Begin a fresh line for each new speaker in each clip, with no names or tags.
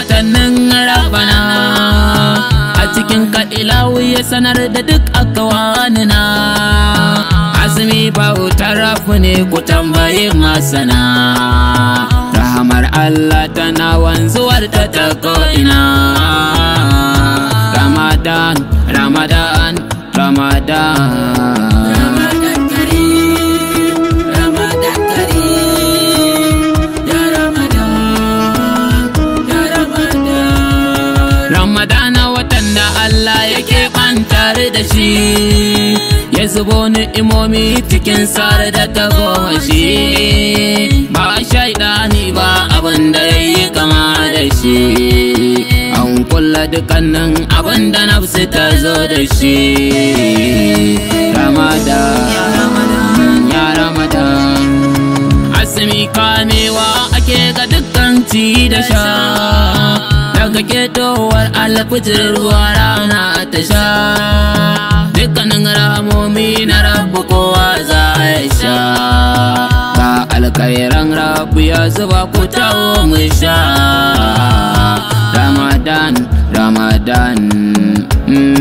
watannin rabana a cikin ka'ilawu ya sanar da duk akawanina azumi bautar rafu ne ku tambaye masana rahamar Allah tana wanzuwar ta ta ko'ina Ramadan Ramadan Ramadan da shi ya zubo ni imomi cikin tsar da ta shi ba shaidani ba abin da ya yi kama da shi an kulla dukkanin abin da nafsu ta zo da shi ramada ya ramada asimi kamewa ake ga dukkan ci da sha daga ketowar alfitar ruwa rana ta sha dukkanin na rabu kowa za a sha ka alkairan rabu ya zuba ku tawo mu sha ramadan ramadan mm.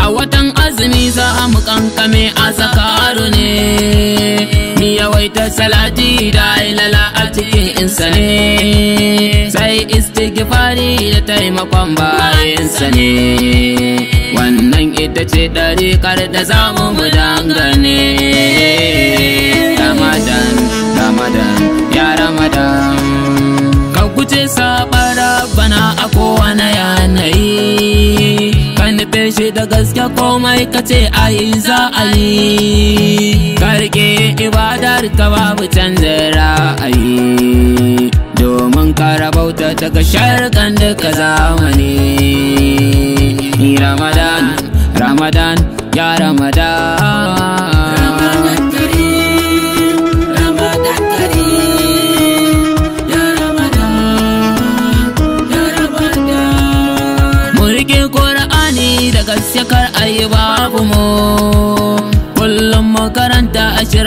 a watan azumi za mu kankame a zakaru ne ita salati da ilala a cikin insa ne sai istighfari da taimakon bayansa ne wannan ita ce ɗarikar da zamu mu dangane gaske komai ka ce ayi za a yi karke ibadar ka babu canza ra'ayi domin kara bauta ta ga sharkan duka zamani ramadan ramadan ya ramadan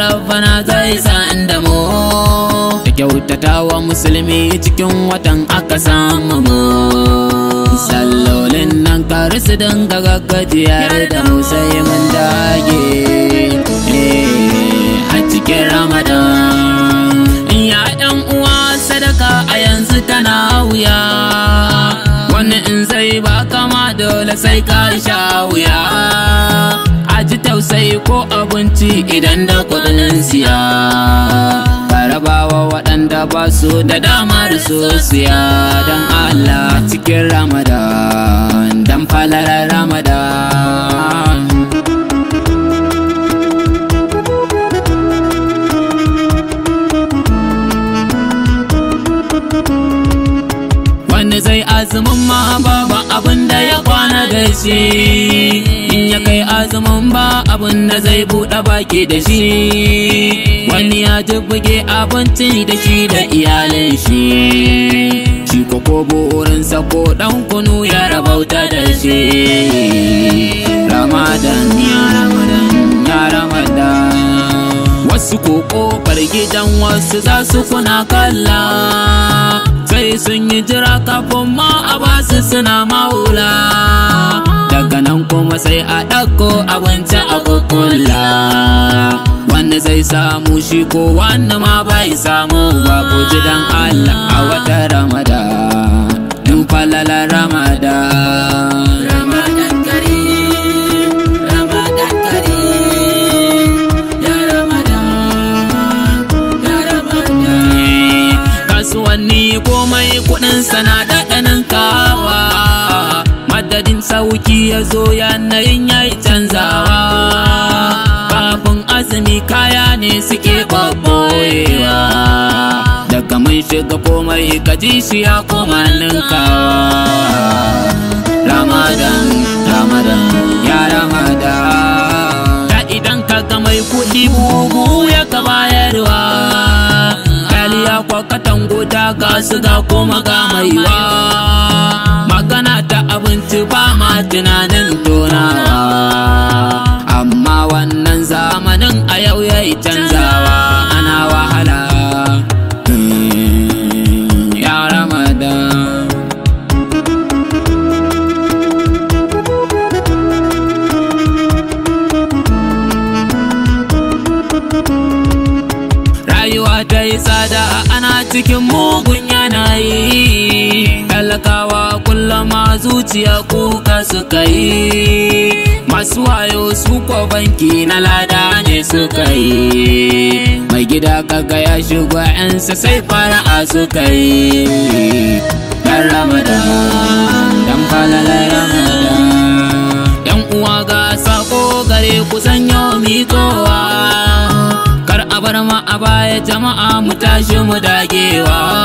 rabbana zai sa inda mu da kyautatawa musulmi cikin watan aka samu mu sallolin nan kare su dinga gaggajiyar da mu sai mun dage a cikin ramadan ya ɗan uwa sadaka a yanzu tana wuya wani in zai ba kama dole sai ka sha wuya sai ko abinci idan da kudin siya Karabawa waɗanda ba su da damar su siya don Allah cikin Ramadan
don falarar Ramadan
wani zai azumin ma babu abin da ya kwana da shi abun da zai buɗe baki da shi wani ya jibbuge abinci da shi da iyalin shi shi ko burinsa ko ɗan kunu ya rabauta da shi ramadan ya ramadan ya ramadan wasu koko gidan wasu za su kuna kalla sai sun yi jira kafin ma a basu suna
maula
kuma sai a ɗauko abinci a kukkulla wanda zai samu shi ko wanda ma bai samu ba ku ji dan Allah a wata ramada dun falala ramada ya zo yanayin ya yi canzawa babun azumi kaya ne suke babboyewa daga mun shiga komai ka ji shi ya koma ninkawa ramadan ramadan ya ramadan da idan ka ga mai kuɗi bugu ya ka bayarwa ta kwakatan ga suga kuma ga maiwa magana ta abinci ba ma tunanin tonawa amma wannan zamanin a yau ya yi canza zuciya kuka suka yi masu wayo su kwa banki na lada ne suka yi mai gida kaga ya shigo yansa sai fara'a suka yi dan ramadan dan falalar ramadan yan uwa ga sako gare kusan yau mikowa kar a bar ma a baya jama'a mu tashi mu dagewa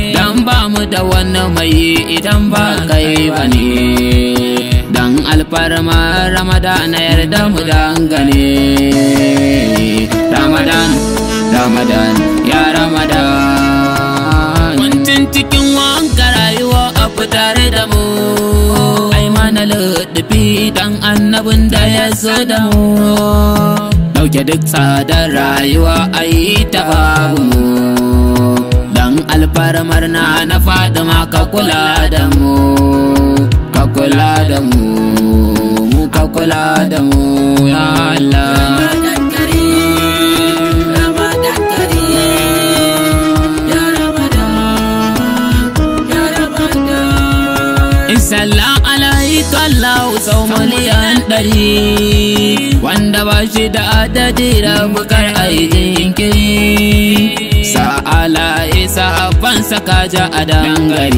da wannan mai idan ba kai ba ne dan alfarma ramadana yarda mu gane ramadan ramadan ya ramadan mutum cikin wanka rayuwa a tare da mu ai mana lutufi dan annabin da ya zo da mu dauke duk tsadar rayuwa ai ta babu mu dan alfarmar na na fadima ka kula da mu ka kula da mu mu ka kula da mu ya Allah sau miliyan ɗari wanda ba shi da adadi rabukar aikin kiri sa'ala ban saka ja a dangare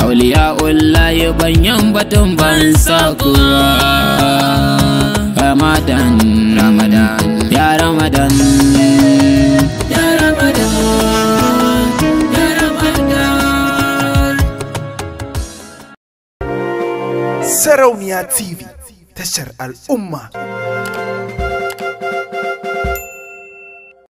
auliya ullahi banyan batun ban sakuwa ramadan ramadan ramadan ya ramadan
ya ramadan sarauniya tv tashar al'umma